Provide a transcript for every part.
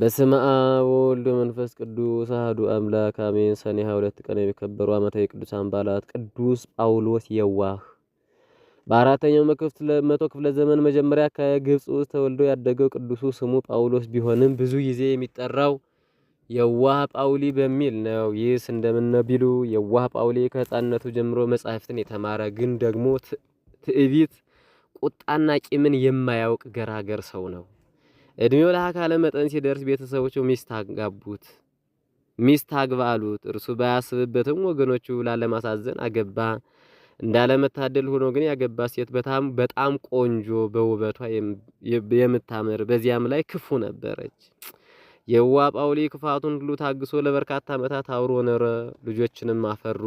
በስመ አብ ወወልድ ወመንፈስ ቅዱስ አህዱ አምላክ አሜን። ሰኔ 22 ቀን የሚከበሩ ዓመታዊ ቅዱሳን በዓላት ቅዱስ ጳውሎስ የዋህ። በአራተኛው መቶ ክፍለ ዘመን መጀመሪያ ከግብፅ ውስጥ ተወልዶ ያደገው ቅዱሱ ስሙ ጳውሎስ ቢሆንም ብዙ ጊዜ የሚጠራው የዋህ ጳውሊ በሚል ነው። ይህስ እንደምን ነው ቢሉ የዋህ ጳውሊ ከሕፃንነቱ ጀምሮ መጻሕፍትን የተማረ ግን ደግሞ ትዕቢት፣ ቁጣና ቂምን የማያውቅ ገራገር ሰው ነው። እድሜው ለአካለ መጠን ሲደርስ ቤተሰቦቹ ሚስት አጋቡት፣ ሚስት እርሱ ባያስብበትም ወገኖቹ ላለማሳዘን አገባ። እንዳለመታደል ሆኖ ግን ያገባ ሴት በጣም በጣም ቆንጆ በውበቷ የምታምር በዚያም ላይ ክፉ ነበረች። የዋ ጳውሊ ክፋቱን ሁሉ ታግሶ ለበርካታ ዓመታት አብሮ ኖረ። ልጆችንም አፈሩ።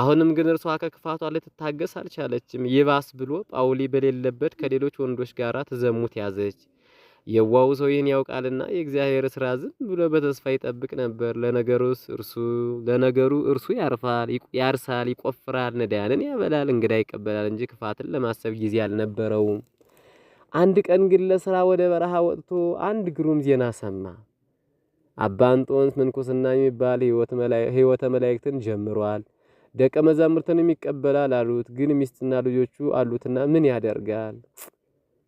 አሁንም ግን እርሷ ከክፋቷ ልትታገስ አልቻለችም። ይባስ ብሎ ጳውሊ በሌለበት ከሌሎች ወንዶች ጋር ትዘሙት ያዘች። የዋው ሰው ይህን ያውቃልና የእግዚአብሔር ስራ ዝም ብሎ በተስፋ ይጠብቅ ነበር። ለነገሩስ እርሱ ለነገሩ እርሱ ያርፋል፣ ያርሳል፣ ይቆፍራል፣ ነዳያንን ያበላል፣ እንግዳ ይቀበላል እንጂ ክፋትን ለማሰብ ጊዜ አልነበረውም። አንድ ቀን ግን ለስራ ወደ በረሃ ወጥቶ አንድ ግሩም ዜና ሰማ። አባ እንጦንስ ምንኩስና የሚባል ህይወተ መላእክትን ጀምሯል፣ ደቀ መዛሙርትንም ይቀበላል አሉት። ግን ሚስትና ልጆቹ አሉትና ምን ያደርጋል?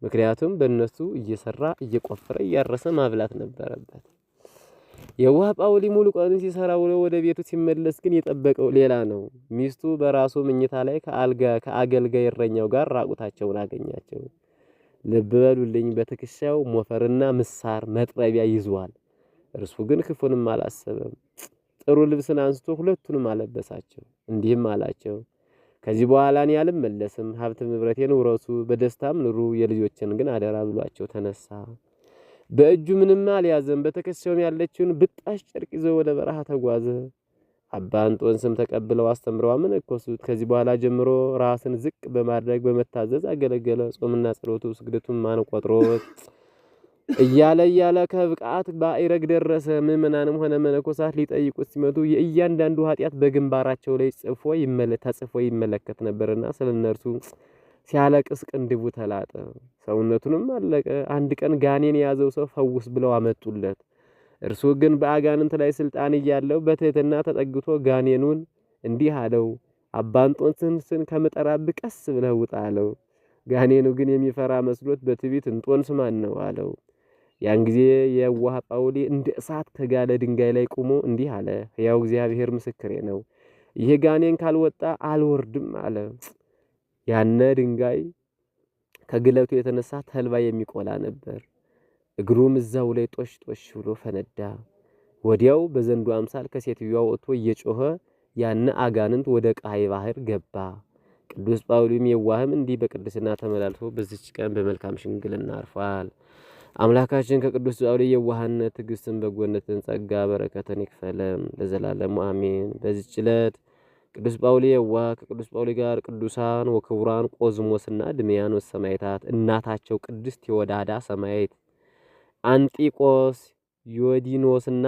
ምክንያቱም በእነሱ እየሰራ እየቆፈረ እያረሰ ማብላት ነበረበት። የዋህ ጳውሊ ሙሉ ቀኑን ሲሰራ ውሎ ወደ ቤቱ ሲመለስ ግን የጠበቀው ሌላ ነው። ሚስቱ በራሱ ምኝታ ላይ ከአልጋ ከአገልጋይ እረኛው ጋር ራቁታቸውን አገኛቸው። ልብ በሉልኝ፣ በትከሻው ሞፈርና ምሳር መጥረቢያ ይዟል። እርሱ ግን ክፉንም አላሰበም። ጥሩ ልብስን አንስቶ ሁለቱንም አለበሳቸው፣ እንዲህም አላቸው ከዚህ በኋላ እኔ አልመለስም፣ ሀብት ንብረቴን ውረሱ፣ በደስታም ኑሩ፣ የልጆችን ግን አደራ ብሏቸው ተነሳ። በእጁ ምንም አልያዘም። በትከሻውም ያለችውን ብጣሽ ጨርቅ ይዞ ወደ በረሃ ተጓዘ። አባ ስም ተቀብለው አስተምረው አመነኮሱት። ከዚህ በኋላ ጀምሮ ራስን ዝቅ በማድረግ በመታዘዝ አገለገለ። ጾምና ጸሎቱ ስግደቱን ማን ቆጥሮት እያለ እያለ ከብቃት ባይረግ ደረሰ። ምእመናንም ሆነ መነኮሳት ሊጠይቁት ሲመጡ የእያንዳንዱ ኃጢአት በግንባራቸው ላይ ጽፎ ተጽፎ ይመለከት ነበርና ስለ እነርሱ ሲያለቅስ ቅንድቡ ተላጠ፣ ሰውነቱንም አለቀ። አንድ ቀን ጋኔን የያዘው ሰው ፈውስ ብለው አመጡለት። እርሱ ግን በአጋንንት ላይ ስልጣን እያለው በትህትና ተጠግቶ ጋኔኑን እንዲህ አለው፣ አባንጦንስን ከምጠራብህ ቀስ ብለህ ውጣ አለው። ጋኔኑ ግን የሚፈራ መስሎት በትቢት እንጦንስ ማን ነው አለው። ያን ጊዜ የዋህ ጳውሊ እንደ እሳት ከጋለ ድንጋይ ላይ ቆሞ እንዲህ አለ፣ ሕያው እግዚአብሔር ምስክሬ ነው፣ ይሄ ጋኔን ካልወጣ አልወርድም አለ። ያነ ድንጋይ ከግለቱ የተነሳ ተልባ የሚቆላ ነበር። እግሩም እዛው ላይ ጦሽ ጦሽ ብሎ ፈነዳ። ወዲያው በዘንዱ አምሳል ከሴትዮዋ ወጥቶ እየጮኸ ያነ አጋንንት ወደ ቀይ ባህር ገባ። ቅዱስ ጳውሊም የዋህም እንዲህ በቅድስና ተመላልሶ በዚች ቀን በመልካም ሽምግልና አርፏል። አምላካችን ከቅዱስ ጳውሎስ የዋህነት፣ ትዕግስትን፣ በጎነትን፣ ጸጋ በረከትን ይክፈለም ለዘላለሙ አሜን። በዚች ዕለት ቅዱስ ጳውሎስ የዋ ከቅዱስ ጳውሎስ ጋር ቅዱሳን ወክቡራን ቆዝሞስና ድሜያኖስ ሰማይታት እናታቸው ቅድስት ቴዎዳዳ ሰማይት አንጢቆስ ዮዲኖስና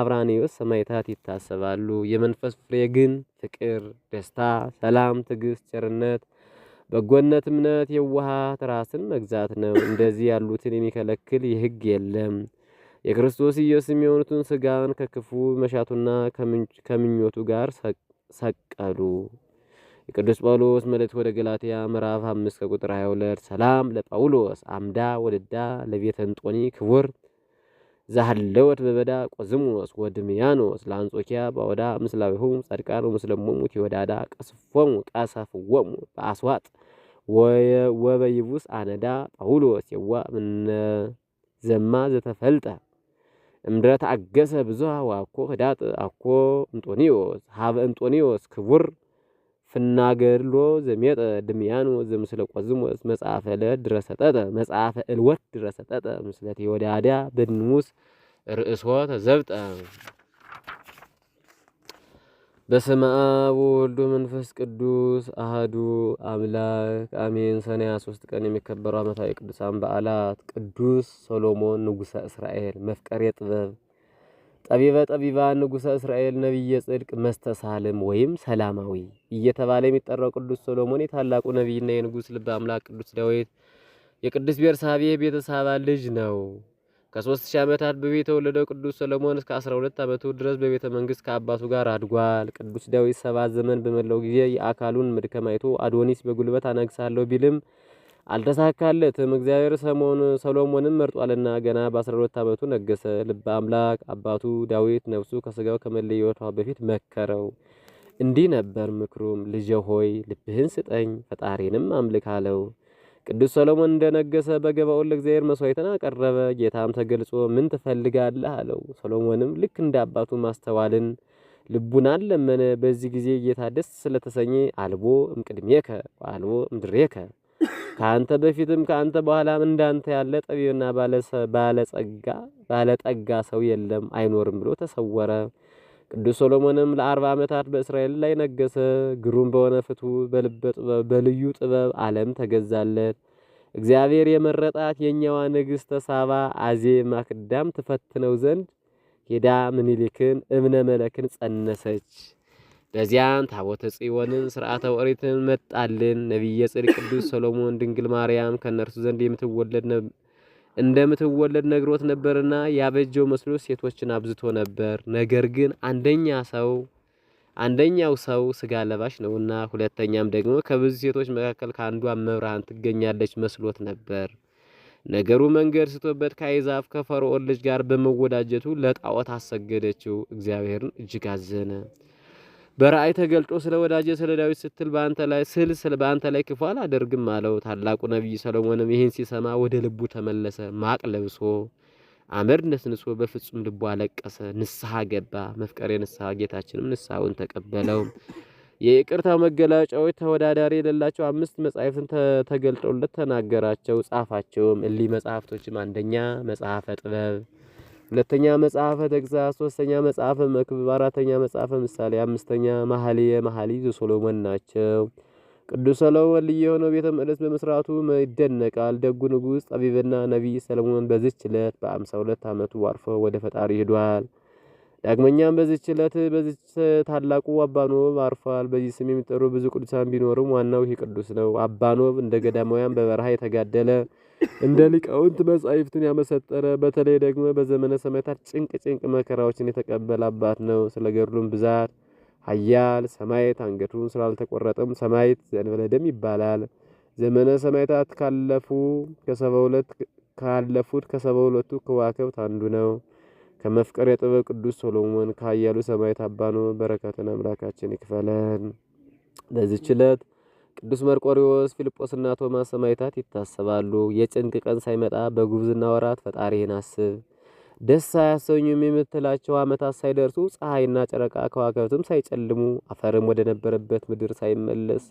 አብራኔዎስ ሰማይታት ይታሰባሉ። የመንፈስ ፍሬ ግን ፍቅር፣ ደስታ፣ ሰላም፣ ትዕግስት፣ ቸርነት በጎነት እምነት፣ የዋሃት ራስን መግዛት ነው። እንደዚህ ያሉትን የሚከለክል ሕግ የለም። የክርስቶስ ኢየሱስ የሆኑትን ስጋን ከክፉ መሻቱና ከምኞቱ ጋር ሰቀሉ። የቅዱስ ጳውሎስ መልእክት ወደ ገላትያ ምዕራፍ 5 ከቁጥር 22 ሰላም ለጳውሎስ አምዳ ወደዳ ለቤተ እንጦኒ ክቡር ዛሃለወት በበዳ ቆዝሞስ ወድምያኖስ ለአንጾኪያ ባወዳ ምስላዊሆም ጸድቃን ወምስለሞሙ ቲወዳዳ ቀስፎሙ ቀሰፍወሙ በአስዋጥ ወበይቡስ አነዳ ጳውሎስ የዋ እምነ ዘማ ዘተፈልጠ እምድረ ተአገሰ ብዙሃ ዋኮ ህዳጥ አኮ እንጦኒዎስ ሀበ እንጦኒዎስ ክቡር ፍናገድሎ ዘሜጠ ድምያኖ ዘምስለ ቆዝሞስ መጽሐፈ ዕለት ድረሰጠጠ መጽሐፈ እልወት ድረሰጠጠ ምስለ ተወዳዳ በድንሙስ ርእሶ ተዘብጠ በስመ አብ ወወልድ ወመንፈስ ቅዱስ አህዱ አምላክ አሜን። ሰኔ 23 ቀን የሚከበሩ ዓመታዊ ቅዱሳን በዓላት ቅዱስ ሰሎሞን ንጉሠ እስራኤል መፍቀሬ ጥበብ ጠቢበ ጠቢባን ንጉሠ እስራኤል ነቢየ ጽድቅ መስተሳልም ወይም ሰላማዊ እየተባለ የሚጠራው ቅዱስ ሶሎሞን የታላቁ ነቢይና የንጉሥ ልበ አምላክ ቅዱስ ዳዊት የቅዱስ ቤርሳቤህ ቤተሳባ ልጅ ነው። ከሶስት ሺህ ዓመታት በፊት የተወለደው ቅዱስ ሰለሞን እስከ 12 ዓመቱ ድረስ በቤተ መንግስት ከአባቱ ጋር አድጓል። ቅዱስ ዳዊት ሰባት ዘመን በመላው ጊዜ የአካሉን መድከም አይቶ አዶኒስ በጉልበት አነግሳለሁ ቢልም አልተሳካለትም። እግዚአብሔር ሰሎሞንም መርጧልና ገና በ12 ዓመቱ ነገሰ። ልበ አምላክ አባቱ ዳዊት ነፍሱ ከስጋው ከመለየቷ በፊት መከረው። እንዲህ ነበር ምክሩም፣ ልጄ ሆይ ልብህን ስጠኝ፣ ፈጣሪንም አምልክ አለው። ቅዱስ ሰሎሞን እንደነገሰ በገባኦን ለእግዚአብሔር መስዋዕትን አቀረበ። ጌታም ተገልጾ ምን ትፈልጋለህ አለው። ሰሎሞንም ልክ እንደ አባቱ ማስተዋልን ልቡናን ለመነ። በዚህ ጊዜ ጌታ ደስ ስለተሰኘ አልቦ እምቅድሜከ አልቦ እምድሬከ ከአንተ በፊትም ከአንተ በኋላም እንዳንተ ያለ ጠቢብና ባለጸጋ ባለጠጋ ሰው የለም አይኖርም ብሎ ተሰወረ። ቅዱስ ሶሎሞንም ለአርባ ዓመታት በእስራኤል ላይ ነገሰ። ግሩም በሆነ ፍትሕ በልዩ ጥበብ ዓለም ተገዛለት። እግዚአብሔር የመረጣት የእኛዋ ንግሥተ ሳባ አዜ ማክዳም ትፈትነው ዘንድ ሄዳ ምኒልክን እብነ መለክን ጸነሰች። በዚያም ታቦተ ጽዮንን ስርዓተ ወሪትን መጣልን። ነቢየ ጽድቅ ቅዱስ ሶሎሞን ድንግል ማርያም ከእነርሱ ዘንድ የምትወለድ እንደምትወለድ ነግሮት ነበርና ያበጀው መስሎ ሴቶችን አብዝቶ ነበር። ነገር ግን አንደኛ ሰው አንደኛው ሰው ስጋ ለባሽ ነውና፣ ሁለተኛም ደግሞ ከብዙ ሴቶች መካከል ከአንዷ መብርሃን ትገኛለች መስሎት ነበር። ነገሩ መንገድ ስቶበት ከአይዛፍ ከፈርዖን ልጅ ጋር በመወዳጀቱ ለጣዖት አሰገደችው። እግዚአብሔርን እጅግ አዘነ። በራእይ ተገልጦ ስለ ወዳጄ ስለ ዳዊት ስትል በአንተ ላይ ስል ስለ በአንተ ላይ ክፉ አላደርግም አለው። ታላቁ ነቢይ ሰሎሞንም ይህን ሲሰማ ወደ ልቡ ተመለሰ። ማቅ ለብሶ አመድ ነስንሶ በፍጹም ልቡ አለቀሰ። ንስሐ ገባ። መፍቀሬ ንስሐ ጌታችንም ንስሐውን ተቀበለው። የይቅርታው መገለጫዎች ተወዳዳሪ የሌላቸው አምስት መጻሕፍትን ተገልጠውለት ተናገራቸው፣ ጻፋቸውም። እሊህ መጻሕፍቶችም አንደኛ መጽሐፈ ጥበብ ሁለተኛ መጽሐፈ ተግሳጽ፣ ሶስተኛ መጽሐፈ መክብብ፣ አራተኛ መጽሐፈ ምሳሌ፣ አምስተኛ መኃልየ መኃልይ ዘሶሎሞን ናቸው። ቅዱስ ሰሎሞን ልዩ የሆነው ቤተ መቅደስ በመስራቱ ይደነቃል። ደጉ ንጉሥ ጠቢብና ነቢይ ሰለሞን በዚች ዕለት በአምሳ ሁለት ዓመቱ አርፎ ወደ ፈጣሪ ሂዷል። ዳግመኛም በዚች ዕለት በዚች ታላቁ አባኖብ አርፏል። በዚህ ስም የሚጠሩ ብዙ ቅዱሳን ቢኖርም ዋናው ይህ ቅዱስ ነው። አባኖብ እንደ ገዳማውያን በበረሃ የተጋደለ እንደ ሊቃውንት መጻሕፍትን ያመሰጠረ በተለይ ደግሞ በዘመነ ሰማዕታት ጭንቅ ጭንቅ መከራዎችን የተቀበለ አባት ነው። ስለ ገድሉም ብዛት ኃያል ሰማዕት አንገቱን ስላልተቆረጠም ሰማዕት ዘእንበለ ደም ይባላል። ዘመነ ሰማዕታት ካለፉ ከሰባ ሁለት ካለፉት ከሰባ ሁለቱ ከዋክብት አንዱ ነው። ከመፍቀር የጥበብ ቅዱስ ሶሎሞን ከኃያሉ ሰማዕት አባ ነው። በረከትን አምላካችን ይክፈለን። በዚህች ዕለት ቅዱስ መርቆሪዎስ፣ ፊልጶስና ቶማስ ሰማዕታት ይታሰባሉ። የጭንቅ ቀን ሳይመጣ በጉብዝና ወራት ፈጣሪህን አስብ። ደስ አያሰኙም የምትላቸው ዓመታት ሳይደርሱ ፀሐይና ጨረቃ ከዋክብትም ሳይጨልሙ አፈርም ወደ ነበረበት ምድር ሳይመለስ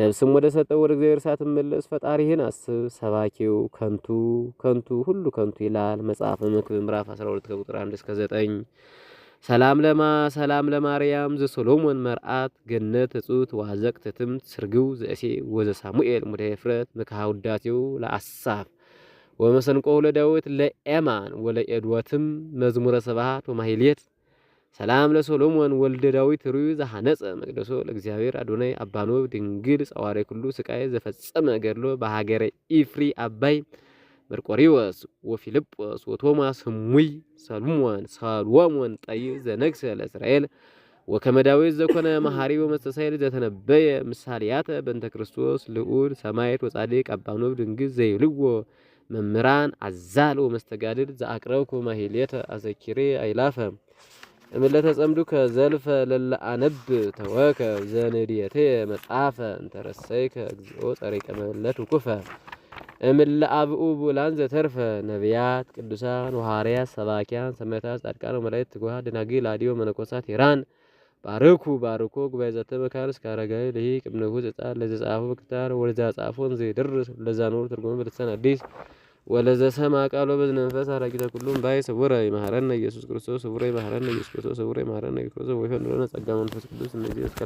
ነፍስም ወደ ሰጠው ወደ እግዚአብሔር ሳትመለስ ፈጣሪህን አስብ። ሰባኪው ከንቱ ከንቱ ሁሉ ከንቱ ይላል መጽሐፈ መክብብ ምዕራፍ 12 ከቁጥር 1 እስከ 9። ሰላም ለማ ሰላም ለማርያም ዘሶሎሞን መርአት ገነት እጹት ዋዘቅ ትትምት ስርግው ዘእሴ ወዘ ሳሙኤል ሙደ ፍረት ምክሃ ውዳሴው ለአሳፍ ወመሰንቆ ለዳዊት ለኤማን ወለኤድወትም መዝሙረ ስብሃት ወማህሌት ሰላም ለሶሎሞን ወልደ ዳዊት ሩዩ ዘሐነጸ መቅደሶ ለእግዚአብሔር አዶናይ አባኖብ ድንግል ጸዋሪ ኩሉ ስቃይ ዘፈጸመ ገድሎ በሀገረ ኢፍሪ አባይ መርቆሪዎስ ወፊልጶስ ወቶማስ ህሙይ ሰልሞን ሰሎሞን ጠይ ዘነግሰ ለእስራኤል ወከመ ዘኮነ መሐሪ ወመስተሳይል ዘተነበየ ምሳሌያተ በእንተ ክርስቶስ ልዑል ሰማዕት ወጻድቅ አባ ኖብ ድንግል ዘይብልዎ መምህራን አዛል ወመስተጋድል ዘአቅረብኩ ማሕሌተ አዘኪሬ አይላፈ እምለተ ጸምዱከ ከዘልፈ ለለ ተወከ ዘንድየቴ መጽሐፈ እንተረሰይከ እግዚኦ ጸሪቀ መለት ውኩፈ እምለ አብኡ ቡላን ዘተርፈ ነቢያት፣ ቅዱሳን፣ ሐዋርያት፣ ሰባኪያን፣ ሰማዕታት፣ ጻድቃን፣ መላእክት፣ ትጉሃን፣ ደናግል፣ አዲዮ መነኮሳት ሂራን ባርኩ ባርኮ ጉባኤ ዘተ መካር እስከ አረጋዊ ልሂቅ እምንሁ ዘጻል ለዘጻፉ በክታር ወለዛ ጻፎን ዘይድርስ ለዛ ኖሩ ትርጉሙ በልሳን አዲስ ወለዘ ሰማ ቃሎ በዝነ መንፈስ አራጊታ ሁሉም ባይ ስውረ ይመሐረነ ኢየሱስ ክርስቶስ ስውረ ይመሐረነ ኢየሱስ ክርስቶስ ስውረ ይመሐረነ ኢየሱስ ክርስቶስ ወይፈን ጸጋ መንፈስ ቅዱስ እነዚህ እስከ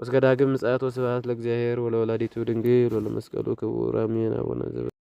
ወስከዳግም ዳግም ምጽአት ወስብሐት ለእግዚአብሔር ወለወላዲቱ ድንግል ወለመስቀሉ ክቡር አሜን። አቡነ ዘበ